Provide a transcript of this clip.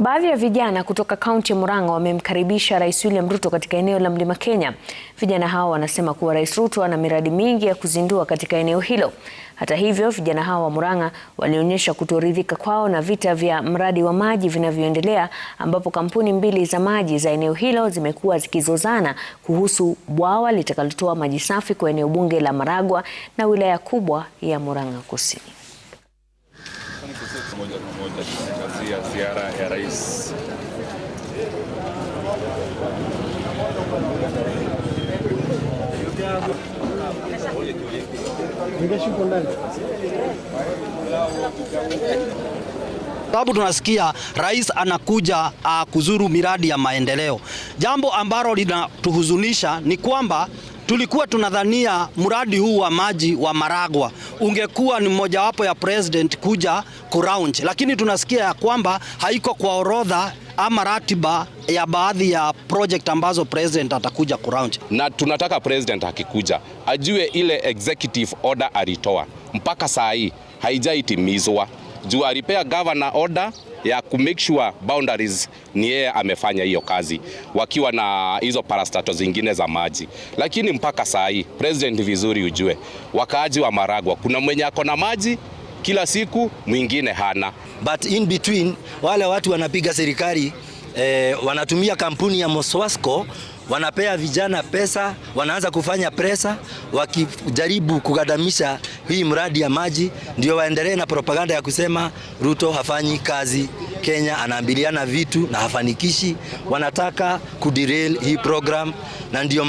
Baadhi ya vijana kutoka kaunti ya Murang'a wamemkaribisha Rais William Ruto katika eneo la Mlima Kenya. Vijana hao wanasema kuwa Rais Ruto ana miradi mingi ya kuzindua katika eneo hilo. Hata hivyo, vijana hao wa Murang'a walionyesha kutoridhika kwao na vita vya mradi wa maji vinavyoendelea ambapo kampuni mbili za maji za eneo hilo zimekuwa zikizozana kuhusu bwawa litakalotoa maji safi kwa eneo bunge la Maragwa na wilaya kubwa ya Murang'a Kusini. Moja kwa moja ziara ya rais sababu tunasikia rais anakuja ah, kuzuru miradi ya maendeleo. Jambo ambalo linatuhuzunisha ni kwamba Tulikuwa tunadhania mradi huu wa maji wa Maragwa ungekuwa ni mmojawapo ya president kuja kuraunch, lakini tunasikia ya kwamba haiko kwa orodha ama ratiba ya baadhi ya project ambazo president atakuja kuraunch, na tunataka president akikuja ajue ile executive order alitoa mpaka saa hii haijaitimizwa juu alipea governor order ya ku make sure boundaries ni yeye amefanya hiyo kazi, wakiwa na hizo parastato zingine za maji. Lakini mpaka saa hii president, vizuri ujue wakaaji wa Maragwa, kuna mwenye ako na maji kila siku, mwingine hana, but in between wale watu wanapiga serikali eh, wanatumia kampuni ya Moswasco wanapea vijana pesa, wanaanza kufanya presa wakijaribu kugadamisha hii mradi ya maji, ndio waendelee na propaganda ya kusema Ruto hafanyi kazi Kenya, anaambiliana vitu na hafanikishi. Wanataka kuderail hii program na ndio